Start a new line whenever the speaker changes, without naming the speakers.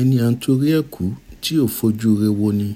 ẹni à ń torí ẹ̀ kú tí ò fojú re woni